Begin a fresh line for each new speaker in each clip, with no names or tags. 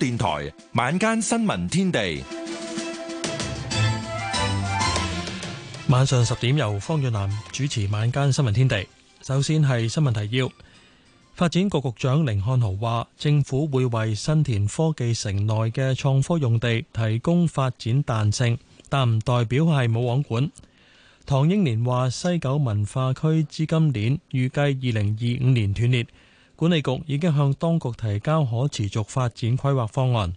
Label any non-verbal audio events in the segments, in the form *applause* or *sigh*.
電台晚間新聞天地，晚上十點由方俊南主持晚間新聞天地。首先係新聞提要，發展局局長凌漢豪話，政府會為新田科技城內嘅創科用地提供發展彈性，但唔代表係冇網管。唐英年話西九文化區資金鏈預計二零二五年斷裂。管理局已經向當局提交可持續發展規劃方案。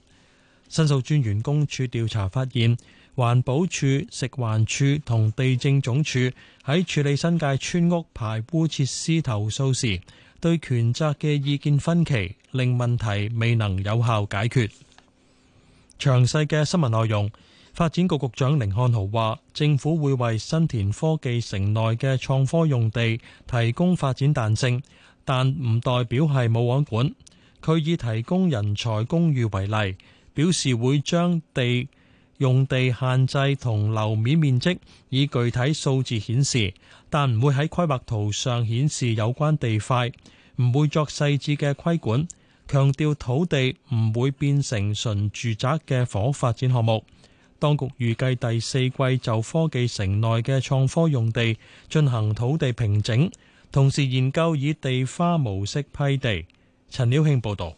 申訴專員公署調查發現，環保署、食環署同地政總署喺處理新界村屋排污設施投訴時，對權責嘅意見分歧，令問題未能有效解決。詳細嘅新聞內容，發展局局長凌漢豪話，政府會為新田科技城內嘅創科用地提供發展彈性。但唔代表係冇管管。佢以提供人才公寓為例，表示會將地用地限制同樓面面積以具體數字顯示，但唔會喺規劃圖上顯示有關地塊，唔會作細緻嘅規管。強調土地唔會變成純住宅嘅房屋發展項目。當局預計第四季就科技城內嘅創科用地進行土地平整。同時研究以地花模式
批地。陳曉慶報導，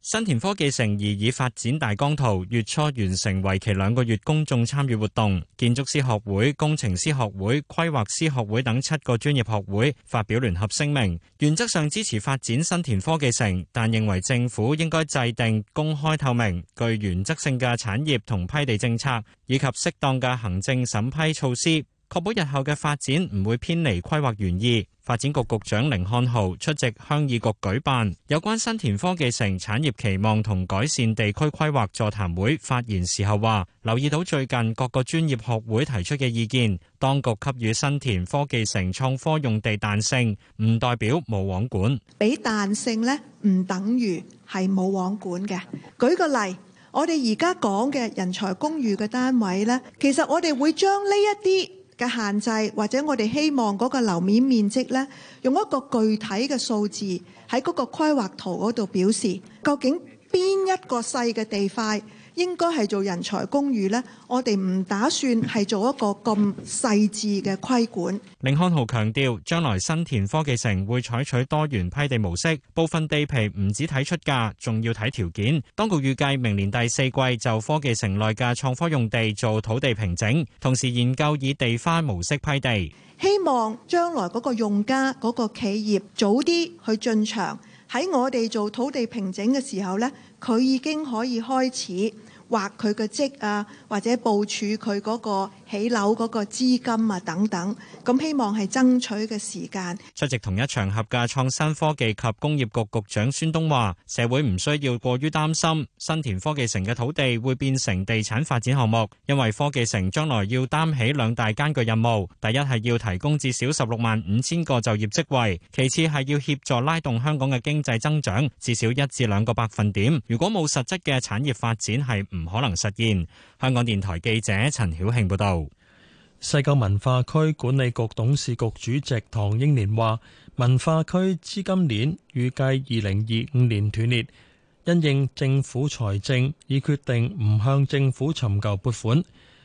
新田科技城而以發展大綱圖，月初完成，為期兩個月公眾參與活動。建築師學會、工程師學會、規劃師學會等七個專業學會發表聯合聲明，原則上支持發展新田科技城，但認為政府應該制定公開透明、具原則性嘅產業同批地政策，以及適當嘅行政審批措施。確保日後嘅發展唔會偏離規劃原意。發展局局長甯漢豪出席鄉議局舉辦有關新田科技城產業期望同改善地區規劃座談會發言時候話：留意到最近各個專業學會提出嘅意見，當局給予新田科技城創科用地彈性，唔代表冇網管。
俾彈性呢，唔等於係冇網管嘅。舉個例，我哋而家講嘅人才公寓嘅單位呢，其實我哋會將呢一啲。嘅限制，或者我哋希望嗰個樓面面積咧，用一個具體嘅數字喺嗰個規劃圖嗰度表示，究竟邊一個細嘅地塊。應該係做人才公寓咧，我哋唔打算係做一個咁細緻嘅規管。
甯漢豪強調，將來新田科技城會採取多元批地模式，部分地皮唔止睇出價，仲要睇條件。當局預計明年第四季就科技城內嘅創科用地做土地平整，同時研究以地花模式批
地。希望將來嗰個用家、嗰個企業早啲去進場，喺我哋做土地平整嘅時候咧，佢已經可以開始。劃佢嘅職啊，或者部署佢嗰、那個。起樓嗰個資金啊等等，咁希望係爭取嘅時間。
出席同一場合嘅創新科技及工業局局長孫東話：社會唔需要過於擔心新田科技城嘅土地會變成地產發展項目，因為科技城將來要擔起兩大艱巨任務，第一係要提供至少十六萬五千個就業職位，其次係要協助拉動香港嘅經濟增長至少一至兩個百分點，如果冇實質嘅產業發展，係唔可能實現。香港電台記者陳曉慶報道。西九文化
區管理局董事局主席唐英年話：文化區資金鏈預計二零二五年斷裂，因應政府財政，已決定唔向政府尋求撥款，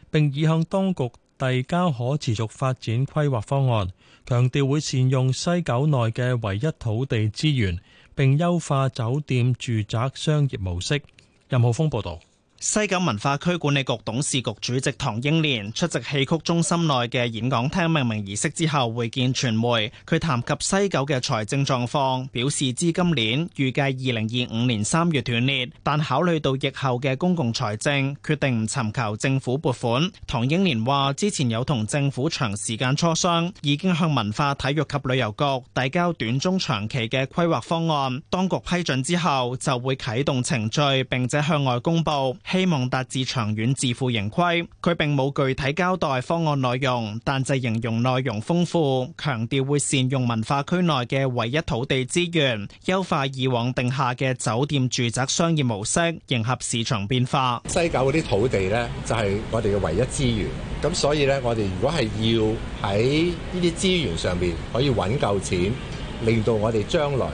並已向當局遞交可持續發展規劃方案，強調會善用西九內嘅唯一土地資源，並優化酒店、住宅、商業模式。任浩峰報導。
西九文化區管理局董事局主席唐英年出席戲曲中心內嘅演講廳命名儀式之後，會見傳媒。佢談及西九嘅財政狀況，表示資金鏈預計二零二五年三月斷裂，但考慮到疫後嘅公共財政，決定唔尋求政府撥款。唐英年話：之前有同政府長時間磋商，已經向文化體育及旅遊局遞交短中長期嘅規劃方案。當局批准之後，就會啟動程序，並且向外公佈。希望達至長遠自負盈虧。佢並冇具體交代方案內容，但就形容內容豐富，強調會善用文化區內嘅唯一土地資源，優化以往定下嘅酒店、住宅、商業模式，迎合市場變化。西九嗰啲土地呢，就係我哋嘅唯一資源。咁所以呢，我哋如果係要
喺呢啲資源上邊可以揾夠錢，令到我哋將來，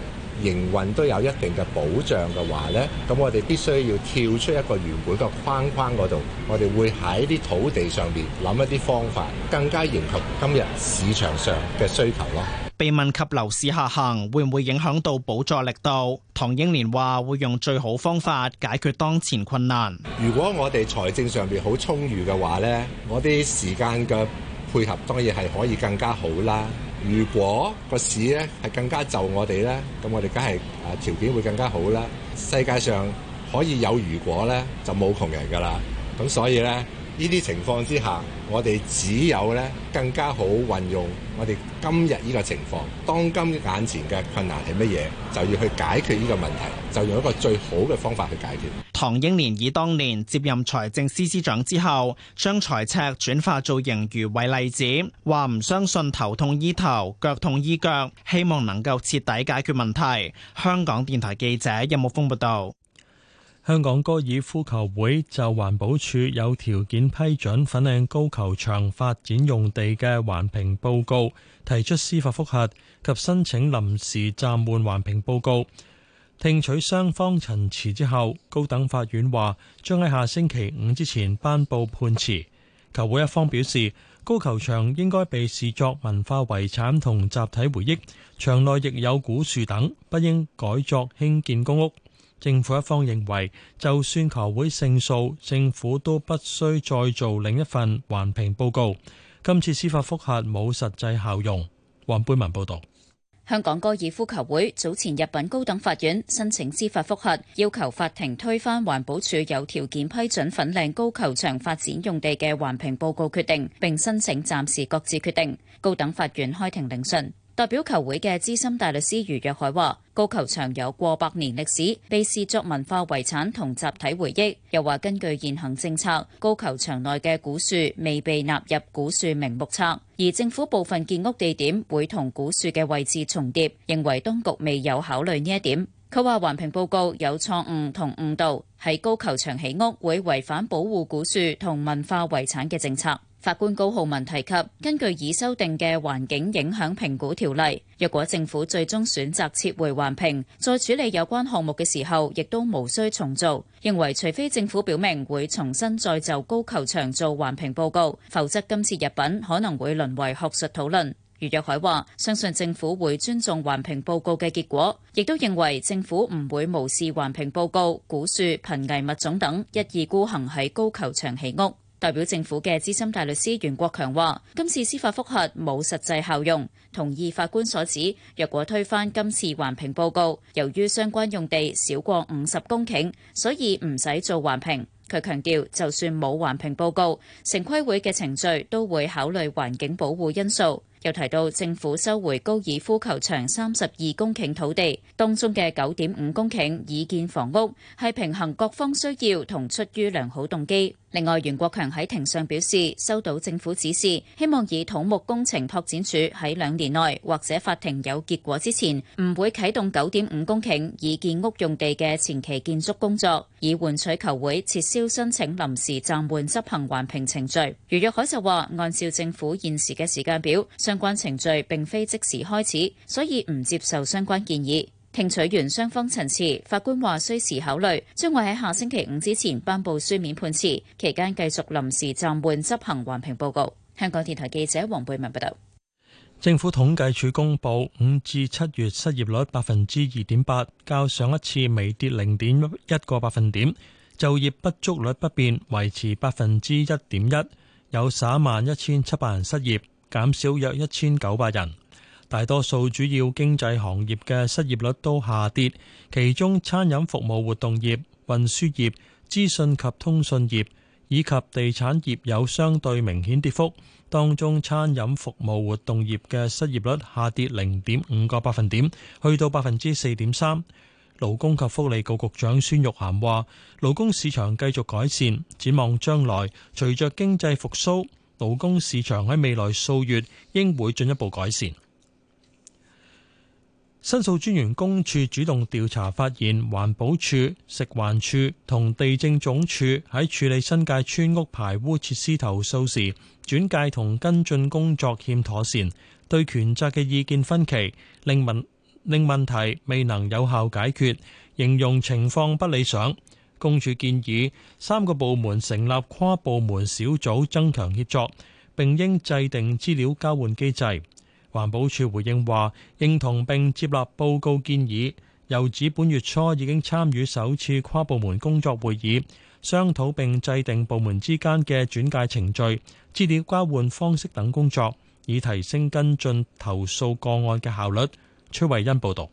營運都有一定嘅保障嘅話呢，咁我哋必須要跳出一個原本嘅框框嗰度，我哋會喺啲土地上面諗一啲方法，更加迎合
今日市場上嘅需求咯。
被問及樓市下行會唔會影響到補助力度，唐英年話會用最好方法解決當前困難。如果我哋財政上面好充裕嘅話呢，我啲時間嘅配合當
然係可以更加好啦。如果個市呢係更加遷就我哋呢，咁我哋梗係啊條件會更加好啦。世界上可以有如果呢，就冇窮人㗎啦。咁所以呢，呢啲情況之下。我哋只有咧，更加好運用我哋今日呢個情況，當今眼前嘅困難係乜嘢？就要去解決呢個問題，就用一個最好嘅方法去解決。
唐英年以當年接任財政司司長之後，將財赤轉化做盈餘為例子，話唔相信頭痛醫頭，腳痛醫腳，希望能夠徹底解決問題。香港電台記者任木風報道。香港高爾夫球會
就環保署有條件批准粉嶺高球場發展用地嘅環評報告提出司法復核及申請臨時暫緩環評報告。聽取雙方陳詞之後，高等法院話將喺下星期五之前頒布判詞。球會一方表示，高球場應該被視作文化遺產同集體回憶，場內亦有古樹等，不應改作興建公屋。政府一方認為，就算球會勝訴，政府都不需再做另一份環評報告。今次司法覆核冇實際效用。黃貝文報導。
香港高爾夫球會早前入禀高等法院，申請司法覆核，要求法庭推翻環保署有條件批准粉嶺高球場發展用地嘅環評報告決定，並申請暫時擱置決定。高等法院開庭聆訊，代表球會嘅資深大律師余若海話。高球場有過百年歷史，被視作文化遺產同集體回憶。又話根據現行政策，高球場內嘅古樹未被納入古樹名目冊，而政府部分建屋地點會同古樹嘅位置重疊，認為當局未有考慮呢一點。佢話環評報告有錯誤同誤導。喺高球場起屋會違反保護古樹同文化遺產嘅政策。法官高浩文提及，根據已修訂嘅環境影響評估條例，若果政府最終選擇撤回環評，再處理有關項目嘅時候，亦都無需重做。認為除非政府表明會重新再就高球場做環評報告，否則今次入稟可能會淪為學術討論。余若海話，相信政府會尊重環評報告嘅結果，亦都認為政府唔會無視環評報告、古樹、瀕危物種等一意孤行喺高球場起屋。代表政府嘅資深大律師袁國強話，今次司法覆核冇實際效用，同意法官所指，若果推翻今次環評報告，由於相關用地少過五十公頃，所以唔使做環評。佢強調，就算冇環評報告，城規會嘅程序都會考慮環境保護因素。又提到政府收回高爾夫球場三十二公頃土地，當中嘅九點五公頃已建房屋，係平衡各方需要同出於良好動機。另外，袁國強喺庭上表示收到政府指示，希望以土木工程拓展署，喺兩年內或者法庭有結果之前，唔會啟動九點五公頃以建屋用地嘅前期建築工作，以換取球會撤銷申請臨時暫緩執行環評程序。余若海就話，按照政府現時嘅時間表，相關程序並非即時開始，所以唔接受相關建議。聽取完雙方陳詞，法官話需時考慮，將會喺下星期五之前頒布書面判詞，期間繼續臨時暫緩執行環評報告。香港電台記者黃貝文報道。
政府統計處公布五至七月失業率百分之二點八，較上一次微跌零點一個百分點，就業不足率不變，維持百分之一點一，有十一萬一千七百人失業，減少約一千九百人。大多數主要經濟行業嘅失業率都下跌，其中餐飲服務活動業、運輸業、資訊及通訊業，以及地產業有相對明顯跌幅。當中餐飲服務活動業嘅失業率下跌零點五個百分點，去到百分之四點三。勞工及福利局局長孫玉菡話，勞工市場繼續改善，展望將來隨着經濟復甦，勞工市場喺未來數月應會進一步改善。申訴專員公署主動調查發現，環保署、食環署同地政總署喺處理新界村屋排污設施投訴時，轉介同跟進工作欠妥善，對權責嘅意見分歧，令問令問題未能有效解決，形容情況不理想。公署建議三個部門成立跨部門小組，增強協作，並應制定資料交換機制。環保署回應話，認同並接納報告建議，又指本月初已經參與首次跨部門工作會議，商討並制定部門之間嘅轉介程序、資料交換方式等工作，以提升跟進投訴個案嘅效率。崔慧欣報道。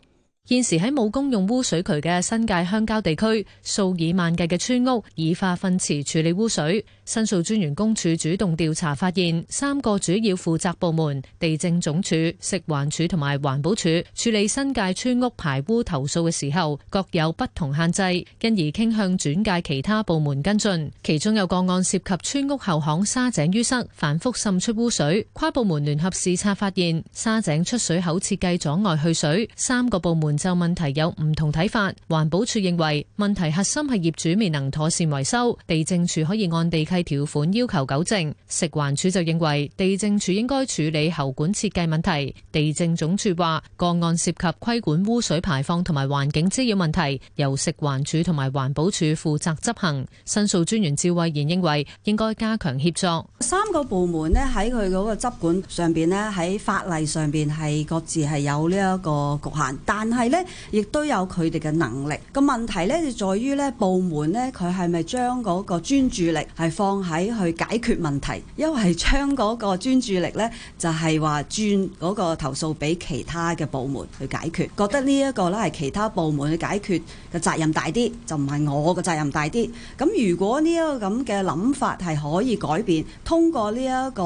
現時喺冇公用污水渠嘅新界鄉郊地區，數以萬計嘅村屋以化糞池處理污水。申訴專員公署主動調查發現，三個主要負責部門地政總署、食環署同埋環保署處理新界村屋排污投訴嘅時候各有不同限制，因而傾向轉介其他部門跟進。其中有個案涉及村屋後巷沙井淤塞，反覆滲出污水。跨部門聯合視察發現，沙井出水口設計阻礙去水。三個部門。就問題有唔同睇法，環保署認為問題核心係業主未能妥善維修，地政署可以按地契條款要求糾正。食環署就認為地政署應該處理喉管設計問題。地政總署話個案涉及規管污水排放同埋環境滋擾問題，由食環署同埋環保署負責執行。申訴專員趙慧賢認為應該加強協作。
三個部門咧喺佢嗰個執管上邊咧喺法例上邊係各自係有呢一個局限，但係。係咧，亦都有佢哋嘅能力。個問題咧，就係、在於咧部門咧，佢係咪將嗰個專注力係放喺去解決問題？因為將嗰個專注力咧，就係、係、話轉嗰個投訴俾其他嘅部門去解決。覺得呢一個咧係其他部門去解決嘅責任大啲，就唔係我嘅責任大啲。咁如果呢一個咁嘅諗法係可以改變，通過呢一個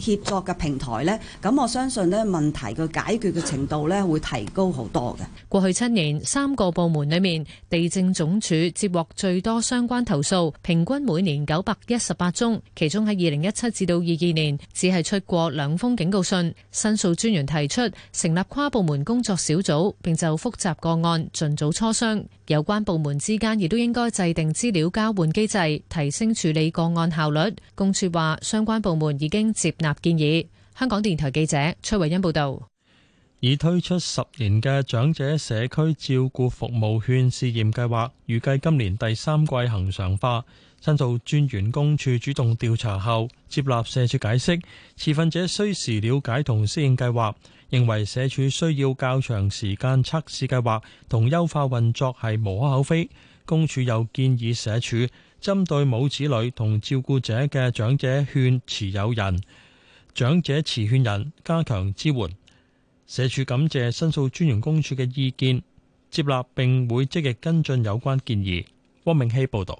協作嘅平台咧，咁我相信咧問題嘅解決嘅程度咧會提高好多嘅。過去七年，
三個部門裏面，地政總署接獲最多相關投訴，平均每年九百一十八宗。其中喺二零一七至到二二年，只係出過兩封警告信。申訴專員提出成立跨部門工作小組，並就複雜個案盡早磋商。有關部門之間亦都應該制定資料交換機制，提升處理個案效率。公署話，相關部門已經接納建議。香港電台記者崔慧欣報道。
已推出十年嘅長者社區照顧服務券試驗計劃，預計今年第三季恒常化。申訴專員公署主動調查後，接納社署解釋持份者需時了解同適應計劃，認為社署需要較長時間測試計劃同優化運作係無可厚非。公署又建議社署針對冇子女同照顧者嘅長者券持有人、長者持券人加強支援。社署感謝申訴專員公署嘅意見，接納並會積極跟進有關建議。汪明希報導。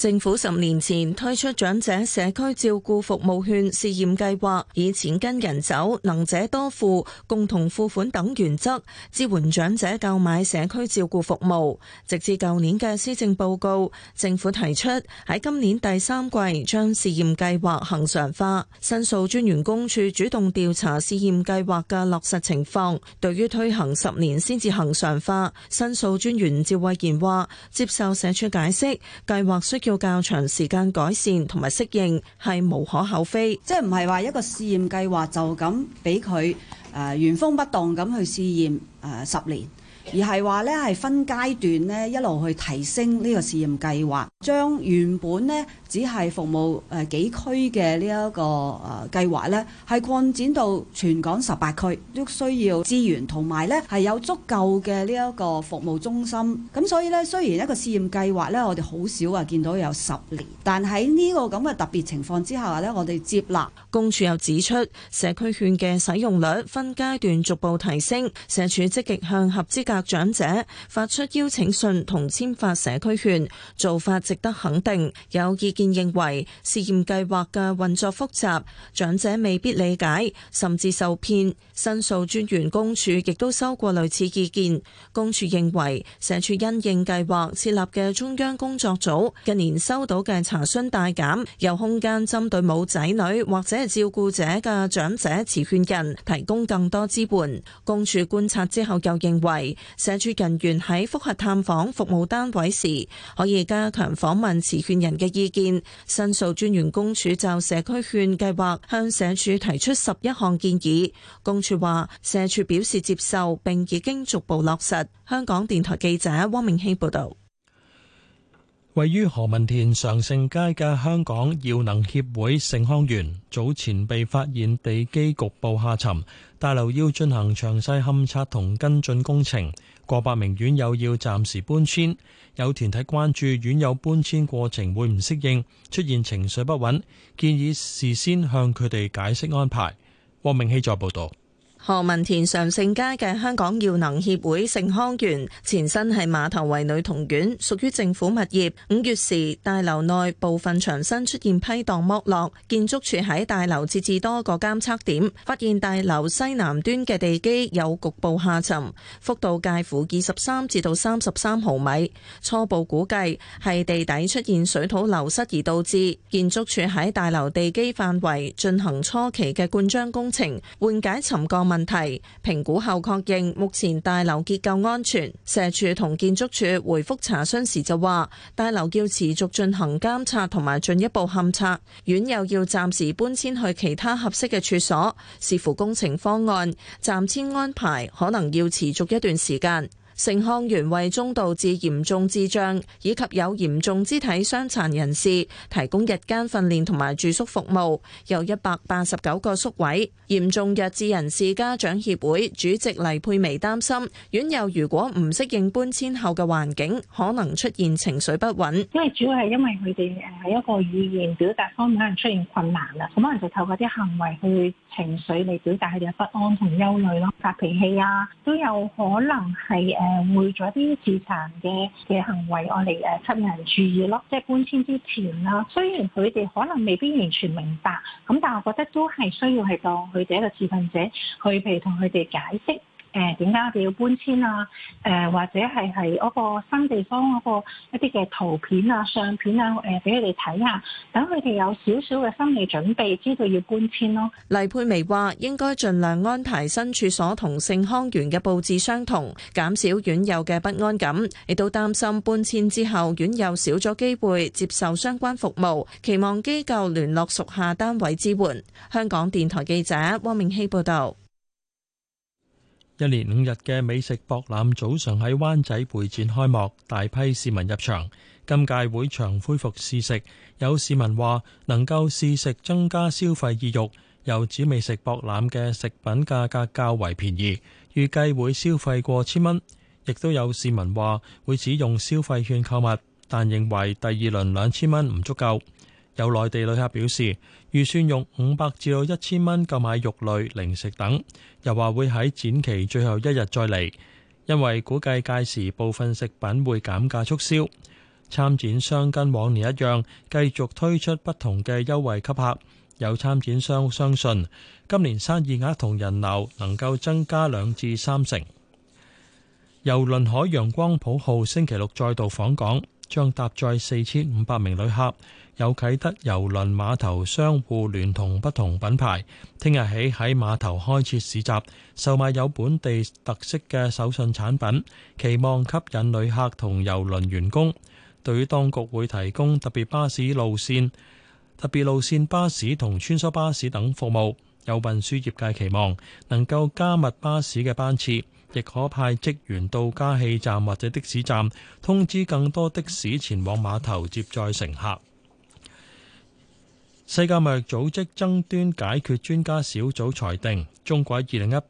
政府十年前推出長者社區照顧服務券試驗計劃，以錢跟人走、能者多付、共同付款等原則支援長者購買社區照顧服務，直至舊年嘅施政報告，政府提出喺今年第三季將試驗計劃恆常化。申訴專員公署主動調查試驗計劃嘅落實情況，對於推行十年先至恒常化，申訴專員趙慧賢話接受社署解釋計劃需要，要較長時間
改善同埋適應係無可厚非，即係唔係話一個試驗計劃就咁俾佢誒原封不動咁去試驗誒、呃、十年，而係話呢係分階段呢一路去提升呢個試驗計劃，將原本呢。只係服務誒幾區嘅呢一個誒計劃咧，係擴展到全港十八區都需要資源，同埋咧係有足夠嘅呢一個服務中心。咁所以咧，雖然一個試驗計劃咧，我哋好少啊見到有十年，但喺呢個咁嘅特別情況之下咧，我哋接納公署又指出社區券
嘅使用率分階段逐步提升，社署積極向合資格長者發出邀請信同簽發社區券，做法值得肯定。有意見。便認為試驗計劃嘅運作複雜，長者未必理解，甚至受騙。申訴專員公署亦都收過類似意見，公署認為社署因應計劃設立嘅中央工作組近年收到嘅查詢大減，有空間針對冇仔女或者照顧者嘅長者持券人提供更多支援。公署觀察之後又認為社署人員喺複核探訪服務單位時可以加強訪問持券人嘅意見。申訴專員公署就社區券計劃向社署提出十一項建議，公署話社署表示接受，並已經逐步落實。香港電台記者汪明希報道。
位於何文田常盛街嘅香港耀能協會盛康園，早前被發現地基局部下沉，大樓要進行詳細勘察同跟進工程。過百名院友要暫時搬遷，有團體關注院友搬遷過程會唔適應，出現情緒不穩，建議事先向佢哋解釋安排。汪明希再報道。
何文田常盛街嘅香港耀能協會盛康園，前身係馬頭圍女童院，屬於政府物業。五月時，大樓內部分牆身出現批蕩剝落，建築署喺大樓設置多個監測點，發現大樓西南端嘅地基有局部下沉，幅度介乎二十三至到三十三毫米，初步估計係地底出現水土流失而導致。建築署喺大樓地基範圍進行初期嘅灌漿工程，緩解沉降。問題評估後確認，目前大樓結構安全。社署同建築署回覆查詢時就話，大樓要持續進行監察同埋進一步勘測，院友要暫時搬遷去其他合適嘅處所，視乎工程方案，暫遷安排可能要持續一段時間。聖康園為中度至嚴重智障以及有嚴重肢體傷殘人士提供日間訓練同埋住宿服務，有189誒會咗啲自殘嘅嘅行為，我哋誒吸引人注意咯，即係搬遷之前啦。雖然佢哋可能未必完全明白，咁但係我覺得都係需要係當佢哋一個持份者，去譬如同佢哋解釋。誒點解我哋要搬遷啊？誒或者係係嗰個新地方嗰個一啲嘅圖片啊、相片啊，誒俾佢哋睇下。等佢哋有少少嘅心理準備，知道要搬遷咯。黎佩薇話：應該盡量安排新處所同聖康園嘅佈置相同，減少院友嘅不安感。亦都擔心搬遷之後，院友少咗機會接受相關服務，期望機構聯絡屬下單位支援。香港電台記者汪明希報導。
一連五日嘅美食博覽早上喺灣仔會展開幕，大批市民入場。今屆會場恢復試食，有市民話能夠試食增加消費意欲，又指美食博覽嘅食品價格較為便宜，預計會消費過千蚊。亦都有市民話會使用消費券購物，但認為第二輪兩千蚊唔足夠。有內地旅客表示。預算用五百至到一千蚊購買肉類、零食等，又話會喺展期最後一日再嚟，因為估計屆時部分食品會減價促銷。參展商跟往年一樣，繼續推出不同嘅優惠吸客。有參展商相信，今年生意額同人流能夠增加兩至三成。郵輪海洋光譜號星期六再度訪港，將搭載四千五百名旅客。有啟德郵輪碼頭商戶聯同不同品牌，聽日起喺碼頭開設市集，售賣有本地特色嘅手信產品，期望吸引旅客同郵輪員工。對於當局會提供特別巴士路線、特別路線巴士同穿梭巴士等服務，有運輸業界期望能夠加密巴士嘅班次，亦可派職員到加氣站或者的士站通知更多的士前往碼頭接載乘客。世界貿易組織爭端解決專家小組裁定中
國2018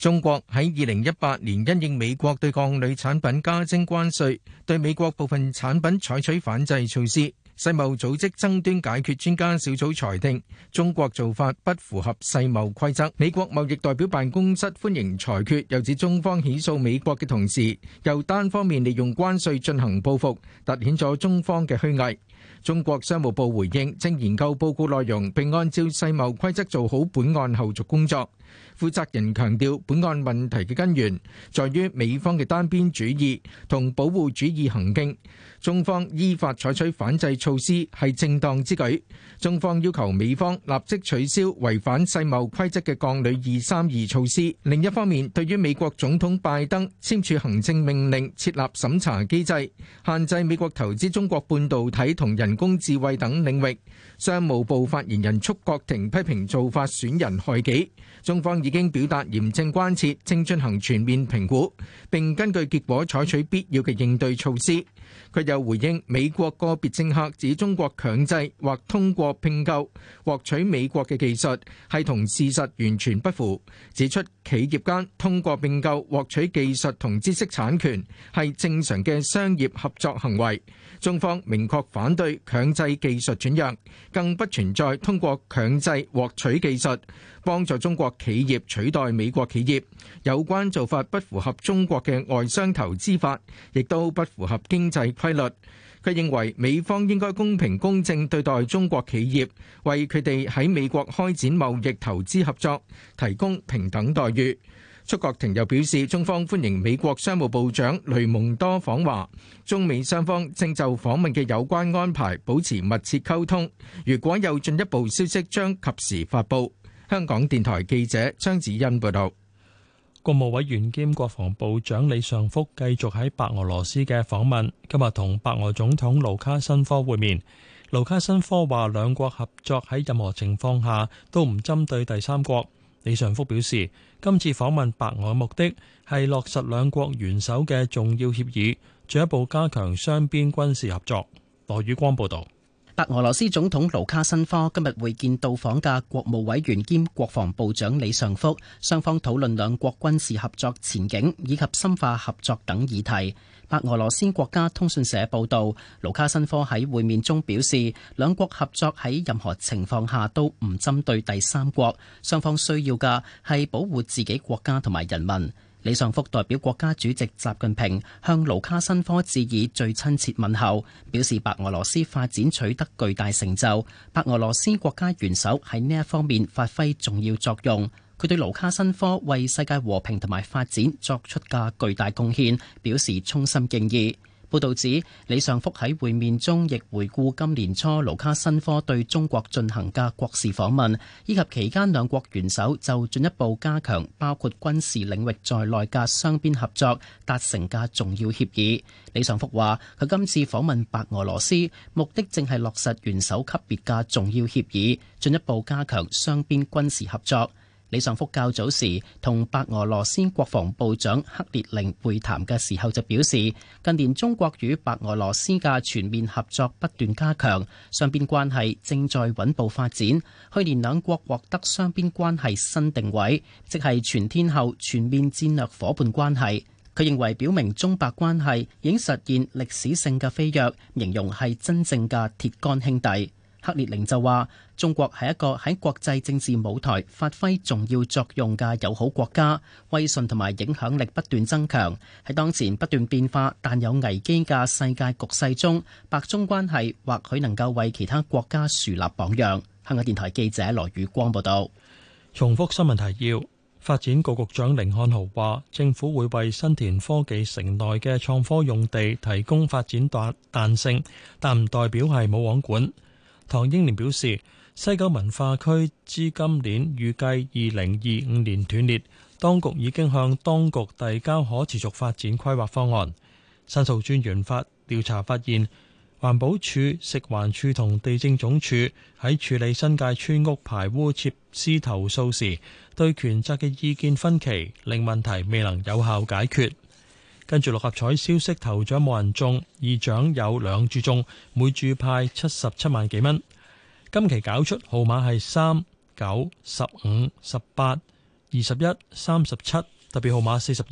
中國喺2018年因應美國對鋼鋁產品加徵關稅，對美國部分產品採取反制措施，世貿組織爭端解決專家小組裁定，中國做法不符合世貿規則，美國貿易代表辦公室歡迎裁決，又指中方起訴美國嘅同時，又單方面利用關稅進行報復，凸顯咗中方嘅虛偽。中國商務部回應，正研究報告內容，並按照世貿規則做好本案後續工作。負責人強調，本案問題嘅根源在於美方嘅單邊主義同保護主義行徑，中方依法採取反制措施係正當之舉。中方要求美方立即取消違反世貿規則嘅鋼鋁二三二措施。另一方面，對於美國總統拜登簽署行政命令設立審查機制，限制美國投資中國半導體同人工智慧等領域，商務部發言人束國婷批評做法損人害己。中方已。已經表達嚴正關切，正進行全面評估，並根據結果採取必要嘅應對措施。佢又回應美國個別政客指中國強制或通過併購獲取美國嘅技術，係同事實完全不符。指出企業間通過併購獲取技術同知識產權係正常嘅商業合作行為，中方明確反對強制技術轉讓，更不存在通過強制獲取技術。幫助中國企業取代美國企業，有關做法不符合中國嘅外商投資法，亦都不符合經濟規律。佢認為美方應該公平公正對待中國企業，為佢哋喺美國開展貿易投資合作，提供平等待遇。束國庭又表示，中方歡迎美國商務部長雷蒙多訪華，中美雙方正就訪問嘅有關安排保持密切溝通，如果有進一步消息，將及時發布。香港電台記者張子欣報道，國務委員兼國防部長李尚福繼續喺白俄羅斯嘅訪問，今日
同白俄總統盧卡申科會面。盧卡申科話，兩國合作喺任何情況下都唔針對第三國。李尚福表示，今次訪問白俄嘅目的係落實兩國元首嘅重要協議，進一步加強
雙邊軍事合作。羅宇光報道。白俄羅斯總統盧卡申科今日會見到訪嘅國務委員兼國防部長李尚福，雙方討論兩國軍事合作前景以及深化合作等議題。白俄羅斯國家通訊社報道，盧卡申科喺會面中表示，兩國合作喺任何情況下都唔針對第三國，雙方需要嘅係保護自己國家同埋人民。李尚福代表國家主席習近平向盧卡申科致以最親切問候，表示白俄羅斯發展取得巨大成就，白俄羅斯國家元首喺呢一方面發揮重要作用。佢對盧卡申科為世界和平同埋發展作出嘅巨大貢獻表示衷心敬意。報導指，李尚福喺會面中亦回顧今年初盧卡申科對中國進行嘅國事訪問，以及期間兩國元首就進一步加強包括軍事領域在內嘅雙邊合作達成嘅重要協議。李尚福話，佢今次訪問白俄羅斯目的正係落實元首級別嘅重要協議，進一步加強雙邊軍事合作。李尚福較早時同白俄羅斯國防部長克列寧會談嘅時候就表示，近年中國與白俄羅斯嘅全面合作不斷加強，雙邊關係正在穩步發展。去年兩國獲得雙邊關係新定位，即係全天候全面戰略夥伴關係。佢認為表明中白關係已經實現歷史性嘅飛躍，形容係真正嘅鐵杆兄弟。克列寧就話：中國係一個喺國際政治舞台發揮重要作用嘅友好國家，威信同埋影響力不斷增強。喺當前不斷變化但有危機嘅世界局勢中，白中關係或許能夠為其他國家樹立榜樣。香港電台記者羅宇光報道。重複新聞提要：發展局局長凌漢
豪話，政府會為新田科技城內嘅創科用地提供發展彈彈性，但唔代表係冇網管。唐英年表示，西九文化區資金鏈預計二零二五年斷裂，當局已經向當局遞交可持續發展規劃方案。申訴專員發調查發現環保署、食環署同地政總署喺處理新界村屋排污設施投訴時對權責嘅意見分歧，令問題未能有效解決。跟住六合彩消息，頭獎冇人中，二獎有兩注中，每注派七十七萬幾蚊。今期搞出號碼係三、九、十五、十八、二十一、三十七，特別號碼四十二。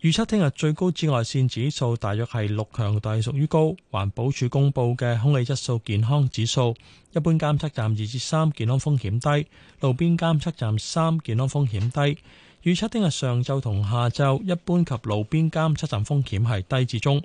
預測聽日最高紫外線指數大約係六強，但係屬於高。環保署公布嘅空氣質素健康指數，一般監測站二至三，3，健康風險低；路邊監測站三，健康風險低。預測聽日上晝同下晝，一般及路邊監測站風險係低至中。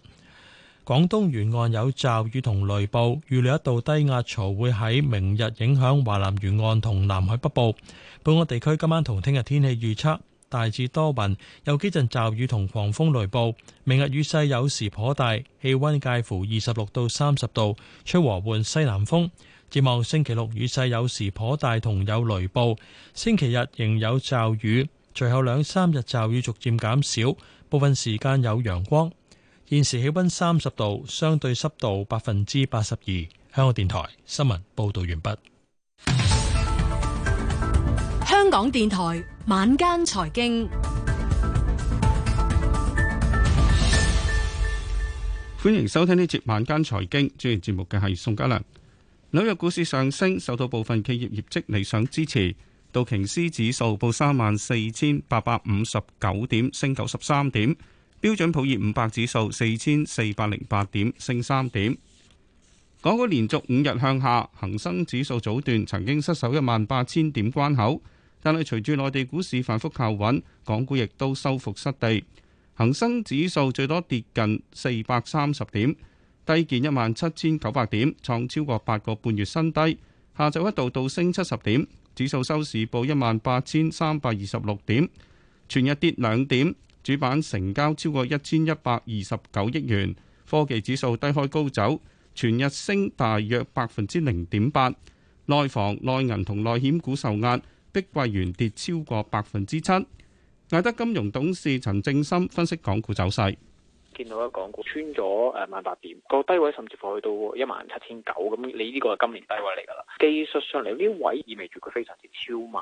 廣東沿岸有驟雨同雷暴，預料一道低壓槽會喺明日影響華南沿岸同南海北部。本港地區今晚同聽日天氣預測大致多雲，有幾陣驟雨同狂風雷暴。明日雨勢有時頗大，氣溫介乎二十六到三十度，吹和緩西南風。展望星期六雨勢有時頗大，同有雷暴。星期日仍有驟雨。隨後兩三日驟雨逐漸減少，部分時間有陽光。現時氣温三十度，相對濕度百分之八十二。香港電台新聞報道完畢。
香港電台晚間財經，經
歡迎收聽呢節晚間財經。主持節目嘅係宋嘉良。紐約股市上升，受到部分企業業績理想支持。道瓊斯指數報三萬四千八百五十九點，升九十三點。標準普爾五百指數四千四百零八點，升三點。港股連續五日向下，恒生指數早段曾經失守一萬八千點關口，但係隨住內地股市反覆靠穩，港股亦都收復失地。恒生指數最多跌近四百三十點，低見一萬七千九百點，創超過八個半月新低。下晝一度到升七十點。指數收市報一萬八千三百二十六點，全日跌兩點，主板成交超過一千一百二十九億元。科技指數低開高走，全日升大約百分之零點八。內房、內銀同內險股受壓，碧桂園跌超過百分之七。艾德金融董事陳正森分析港股走勢。
見到一個港股穿咗誒萬八點個低位，甚至乎去到一萬七千九咁，你呢個係今年低位嚟㗎啦。技術上嚟呢位意味住佢非常之超賣，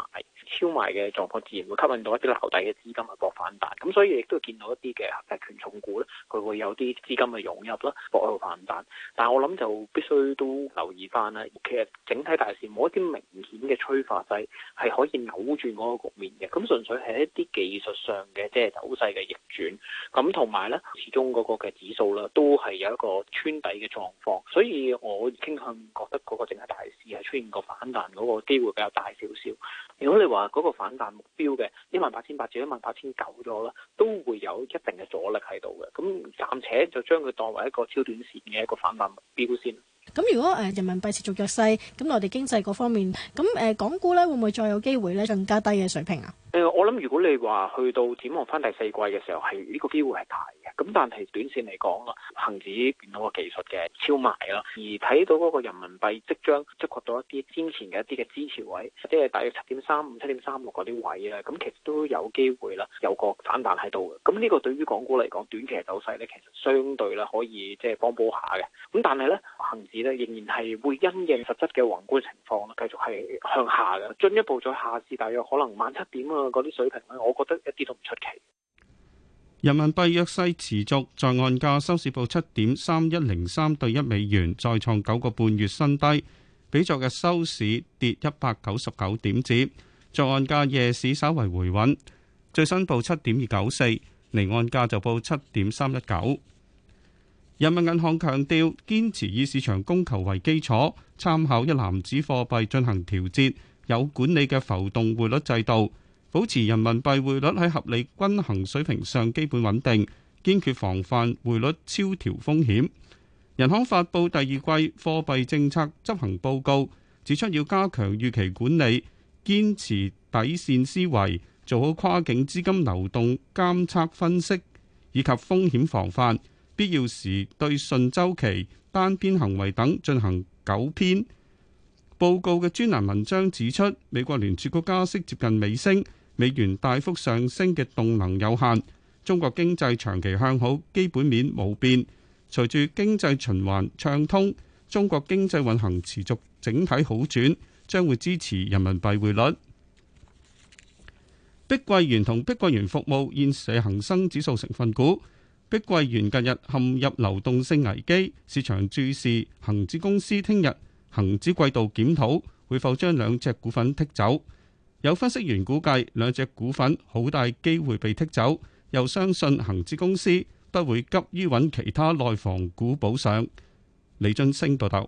超賣嘅狀況自然會吸引到一啲留底嘅資金去搏反彈。咁所以亦都見到一啲嘅其實權重股咧，佢會有啲資金去湧入啦，搏去反彈。但係我諗就必須都留意翻啦。其實整體大市冇一啲明顯嘅催化劑係可以扭轉嗰個局面嘅。咁純粹係一啲技術上嘅即係走勢嘅逆轉。咁同埋咧。中嗰個嘅指數啦，都係有一個穿底嘅狀況，所以我傾向覺得嗰個整體大市係出現個反彈嗰個機會比較大少少。如果你話嗰個反彈目標嘅一萬八千八至一萬八千九咗啦，都會有一定嘅阻力喺度嘅。咁暫且就將佢當為一個超短綫嘅一個反彈目標先。
咁如果誒人民幣持續弱勢，咁內地經濟嗰方面，咁誒、呃、港股咧會唔會再有機會咧更加低嘅水平啊？
我諗如果你話去到展望翻第四季嘅時候，係呢個機會係大嘅。咁但係短線嚟講啦，恆指變到個技術嘅超賣啦，而睇到嗰個人民幣即將觸及到一啲先前嘅一啲嘅支持位，即係大約七點三五、七點三六嗰啲位啊。咁其實都有機會啦，有個反彈喺度嘅。咁呢個對於港股嚟講，短期嘅走勢咧，其實相對啦，可以即係幫補下嘅。咁但係咧，恒指咧仍然係會因應實質嘅宏觀情況啦，繼續係向下嘅，進一步再下至大約可能萬七點啊。啲水
平咧，我覺得一啲都唔出奇。人民幣弱勢持續，在岸價收市報七點三一零三對一美元，再創九個半月新低，比昨日收市跌一百九十九點子。在岸價夜市稍為回穩，最新報七點二九四，離岸價就報七點三一九。人民銀行強調，堅持以市場供求為基礎，參考一籃子貨幣進行調節，有管理嘅浮動匯率制度。保持人民幣匯率喺合理均衡水平上基本穩定，堅決防範匯率超調風險。人行發布第二季貨幣政策執行報告，指出要加強預期管理，堅持底線思維，做好跨境資金流動監測分析以及風險防範，必要時對順周期、單邊行為等進行糾偏。報告嘅專欄文章指出，美國聯儲局加息接近尾聲。美元大幅上升嘅動能有限，中國經濟長期向好，基本面冇變。隨住經濟循環暢通，中國經濟運行持續整體好轉，將會支持人民幣匯率。碧桂園同碧桂園服務現社恒生指數成分股，碧桂園近日陷入流動性危機，市場注視恒指公司聽日恒指季度檢討，會否將兩隻股份剔走？有分析員估計，兩隻股份好大機會被剔走，又相信恒指公司不會急於揾其他內房股補上。李俊升報道。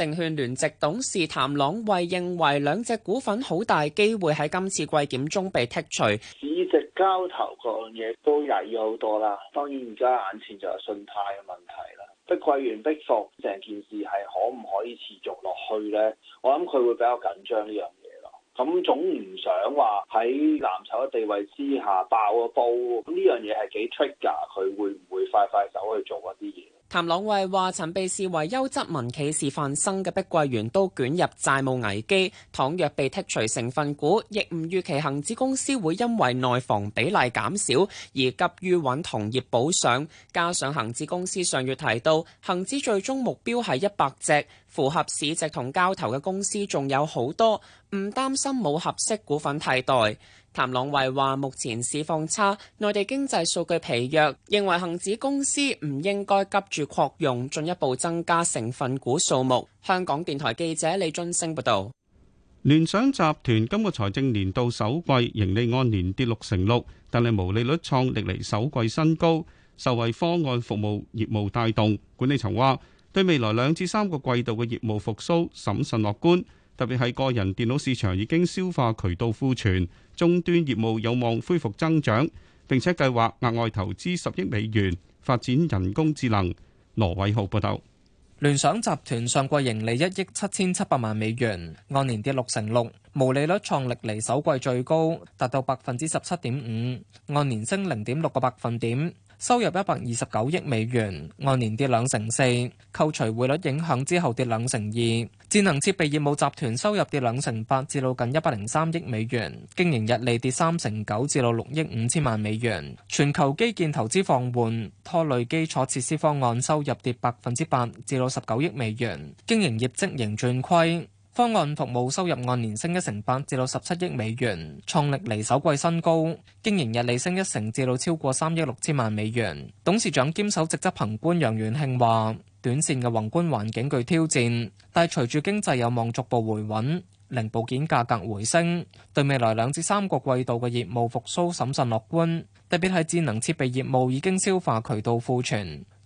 證券聯席董事譚朗為認為兩隻股份好大機會喺今次季檢中被剔除，
市值交投各樣嘢都曳咗好多啦。當然而家眼前就有信貸嘅問題啦，碧桂園碧服，成件事係可唔可以持續落去呢？我諗佢會比較緊張呢樣嘢咯。咁總唔想話喺藍籌嘅地位之下爆個煲，咁呢樣嘢係幾 trigger？佢會唔會快快手去做一啲嘢？
譚朗慧話：曾被視為優質民企示範生嘅碧桂園都捲入債務危機，倘若被剔除成分股，亦唔預期恒指公司會因為內房比例減少而急於搵同業補償。加上恒指公司上月提到，恒指最終目標係一百隻符合市值同交投嘅公司仲有好多，唔擔心冇合適股份替代。譚朗慧話：目前市況差，內地經濟數據疲弱，認為恒指公司唔應該急住擴容，進一步增加成份股數目。香港電台記者李津升報道。
聯想集團今個財政年度首季盈利按年跌六成六，但係毛利率創歷嚟首季新高，受惠方案服務業務帶動。管理層話對未來兩至三個季度嘅業務復蘇審慎樂觀。特別係個人電腦市場已經消化渠道庫存，終端業務有望恢復增長。並且計劃額外投資十億美元發展人工智能。羅偉浩報道，
聯想集團上季盈利一億七千七百萬美元，按年跌六成六，毛利率創歷嚟首季最高，達到百分之十七點五，按年升零點六個百分點。收入一百二十九億美元，按年跌兩成四，扣除匯率影響之後跌兩成二。智能設備業務集團收入跌兩成八，至到近一百零三億美元，經營日利跌三成九，至到六億五千萬美元。全球基建投資放緩，拖累基礎設施方案收入跌百分之八，至到十九億美元，經營業績仍轉虧。方案服務收入按年升一成八，至到十七億美元，創歷嚟首季新高；經營溢利升一成，至到超過三億六千萬美元。董事長兼首席執行官楊元慶話：短線嘅宏觀環境具挑戰，但係隨住經濟有望逐步回穩，零部件價格回升，對未來兩至三個季度嘅業務復甦審慎樂觀。特別係智能設備業務已經消化渠道庫存。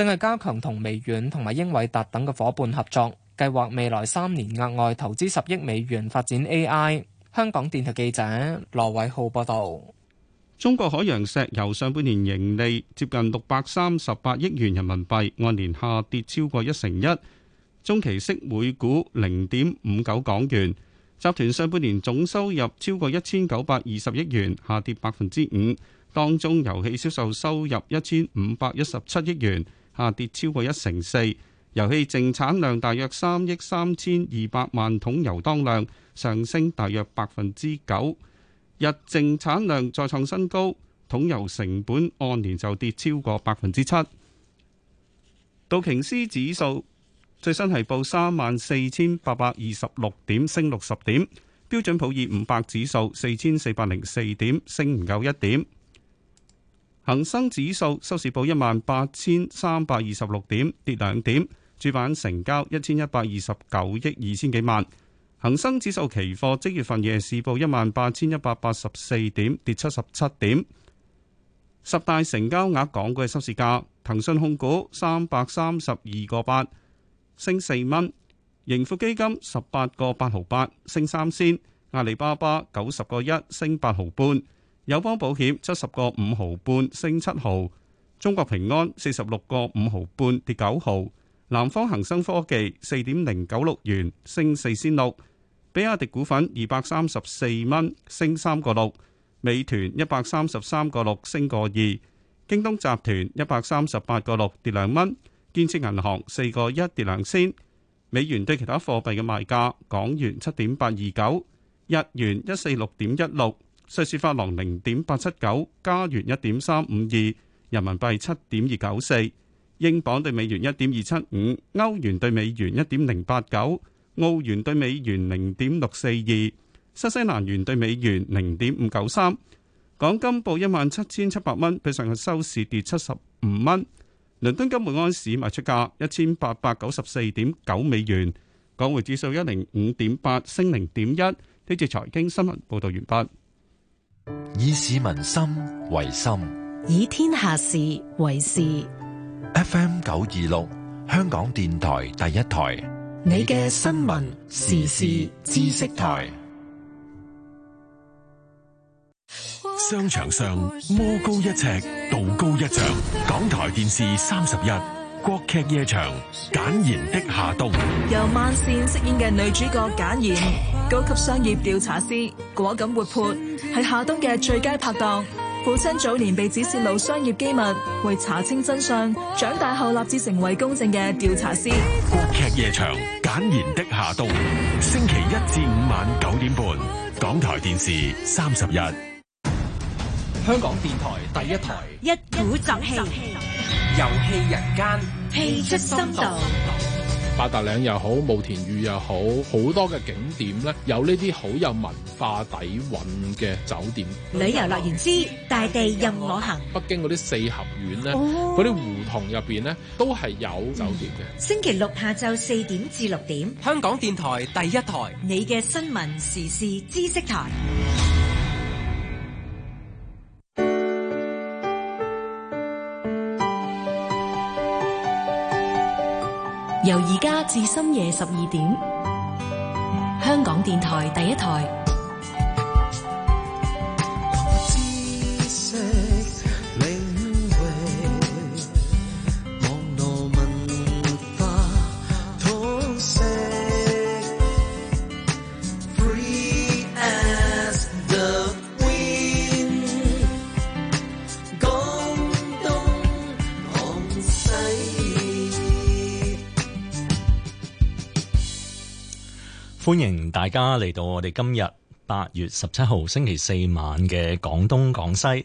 正係加強同微軟同埋英偉達等嘅夥伴合作，計劃未來三年額外投資十億美元發展 AI。香港電台記者羅偉浩報道。
中國海洋石油上半年盈利接近六百三十八億元人民幣，按年下跌超過一成一，中期息每股零點五九港元。集團上半年總收入超過一千九百二十億元，下跌百分之五，當中油氣銷售收入一千五百一十七億元。下、啊、跌超過一成四，油氣淨產量大約三億三千二百萬桶油當量，上升大約百分之九，日淨產量再創新高，桶油成本按年就跌超過百分之七。道瓊斯指數最新係報三萬四千八百二十六點，升六十點；標準普爾五百指數四千四百零四點，升唔夠一點。恒生指數收市報一萬八千三百二十六點，跌兩點。主板成交一千一百二十九億二千幾萬。恒生指數期貨即月份夜市報一萬八千一百八十四點，跌七十七點。十大成交額港股收市價，騰訊控股三百三十二個八，升四蚊。盈富基金十八個八毫八，升三仙。阿里巴巴九十個一，升八毫半。友邦保險七十個五毫半，升七毫，中國平安四十六個五毫半，跌九毫，南方恒生科技四點零九六元，升四仙六，比亞迪股份二百三十四蚊，升三個六，美團一百三十三個六，升個二，京東集團一百三十八個六，跌兩蚊，建設銀行四個一，跌兩仙，美元對其他貨幣嘅賣價，港元七點八二九，日元一四六點一六。瑞士法郎零點八七九，加元一點三五二，人民幣七點二九四，英鎊兌美元一點二七五，歐元兌美元一點零八九，澳元兌美元零點六四二，新西蘭元兌美元零點五九三。港金報一萬七千七百蚊，比上日收市跌七十五蚊。倫敦金每安士賣出價一千八百九十四點九美元。港匯指數一零五點八升零點一。呢節財經新聞報道完畢。以市民心為心，以
天下事為事。
FM 九二六，香港電台第一台，
你嘅新聞時事
知識台。
商場上，魔高一尺，道高一丈。港台電視三十一。國劇夜場，簡言的夏冬，
由萬茜飾演嘅女主角簡言，高級商業調查師，果敢活潑，係夏冬嘅最佳拍檔。父親早年被指泄露商業機密，為查清真相，長大後立志成為公正嘅調查師。國
劇夜場，簡言的夏冬，星期一至五晚九點半，港台電視三十日，香港電台第一台，
一股集氣。遊戲人間，戲出深度。
八達嶺又好，慕田峪又好，好多嘅景點咧，有呢啲好有文化底蘊嘅酒店。
旅遊樂
園之大地任我
行。北京嗰啲四合院
咧，嗰啲、哦、胡
同入邊咧，都係有酒店嘅、嗯。星期六下晝四點至六點，香港電台第一台，你嘅新聞時事知
識台。
至深夜十二點，香港電台第一台。
歡迎大家嚟到我哋今日八月十七號星期四晚嘅廣東廣西。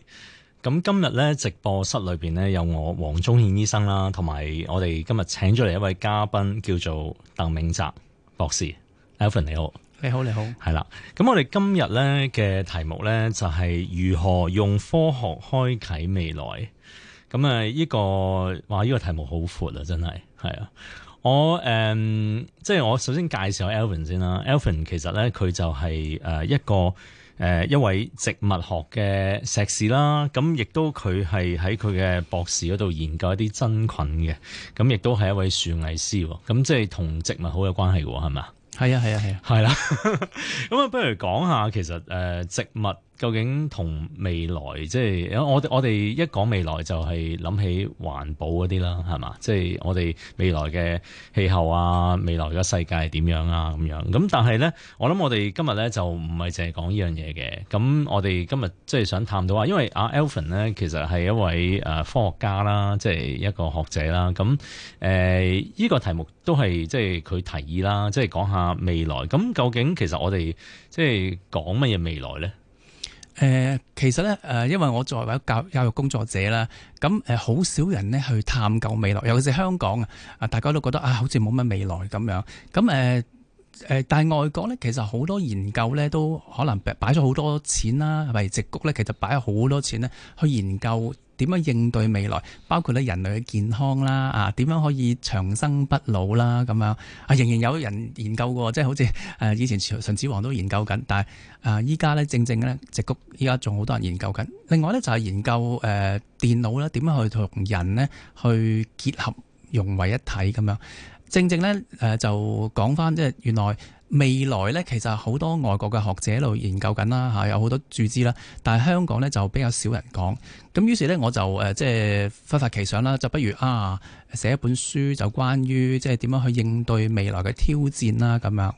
咁今日咧直播室裏邊咧有我黃忠憲醫生啦，同埋我哋今日請咗嚟一位嘉賓叫做鄧銘澤博士。Alvin，你,你好，你好你好，係啦。咁我哋今日咧嘅題目咧就係如何用科學開啟未來。咁啊、這個，依個哇，依、這個題目好闊啊，真係係啊。我誒、嗯、即係我首先介紹下 Alvin 先啦。Alvin 其實咧佢就係誒一個誒一位植物學嘅碩士啦。咁亦都佢係喺佢嘅博士嗰度研究一啲真菌嘅。咁亦都係一位樹藝師喎。咁即係同植物好有關係嘅喎，係咪啊？係啊係啊係啊，係啦。咁啊， *laughs* 不如講下其實誒植物。究竟同未來即係、就是、我我哋一講未來就係諗起環保嗰啲啦，係嘛？即、就、係、是、我哋未來嘅氣候啊，未來嘅世界係點樣啊？咁樣咁，但係咧，我諗我哋今日咧就唔係淨係講呢樣嘢嘅。咁我哋今日即係想探討下，因為阿 Alvin 咧其實係一位誒科學家啦，即、就、係、是、一個學者啦。咁誒，呢、呃這個題目都係即係佢提議啦，即係講下未來。咁究竟其實我哋即係講乜嘢未來咧？
誒、呃，其實咧，誒、呃，因
為我作為一教教育工作者
啦，咁、呃、誒，好少人咧去探究未來，尤其是香港啊，啊，大家都覺得啊、哎，好似冇乜未來咁樣。咁、呃、誒，誒、呃呃，但係外國咧，其實好多研究咧，都可能擺咗好多錢啦，係直谷咧，其實擺咗好多錢咧，去研究。點樣應對未來？包括咧，人類嘅健康啦，啊，點樣可以長生不老啦？咁樣啊，仍然有人研究過，即係好似誒、呃、以前秦始皇都研究緊，但係誒依家咧正正咧直谷依家仲好多人研究緊。另外咧就係、是、研究誒、呃、電腦啦，點樣去同人呢去結合融為一體。咁樣。正正咧誒、呃、就講返即係原來。未來咧，其實好多外國嘅學者喺度研究緊啦，吓有好多注資啦。但係香港咧就比較少人講。咁於是咧，我就誒即係忽發奇想啦，就不如啊寫一本書就關於即係點樣去應對未來嘅挑戰啦咁樣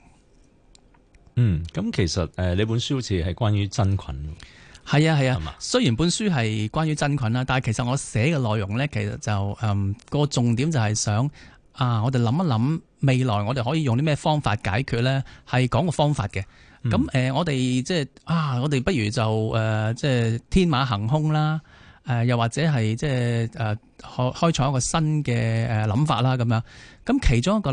嗯。
嗯，咁其實誒呢、呃、
本書好似係關於真菌。係啊係啊，啊吧雖然本書係關於真菌啦，但係其實我寫嘅內容咧，其實就嗯個、呃、重點就係想。啊！我哋諗一諗未來，我哋可以用啲咩方法解決咧？係講個方法嘅。咁誒、嗯嗯，我哋即係啊，我哋不如就誒，即、呃、係天馬行空啦。誒、呃，又或者係
即係誒，開開創一個新嘅誒諗法啦。咁樣，咁其中一個。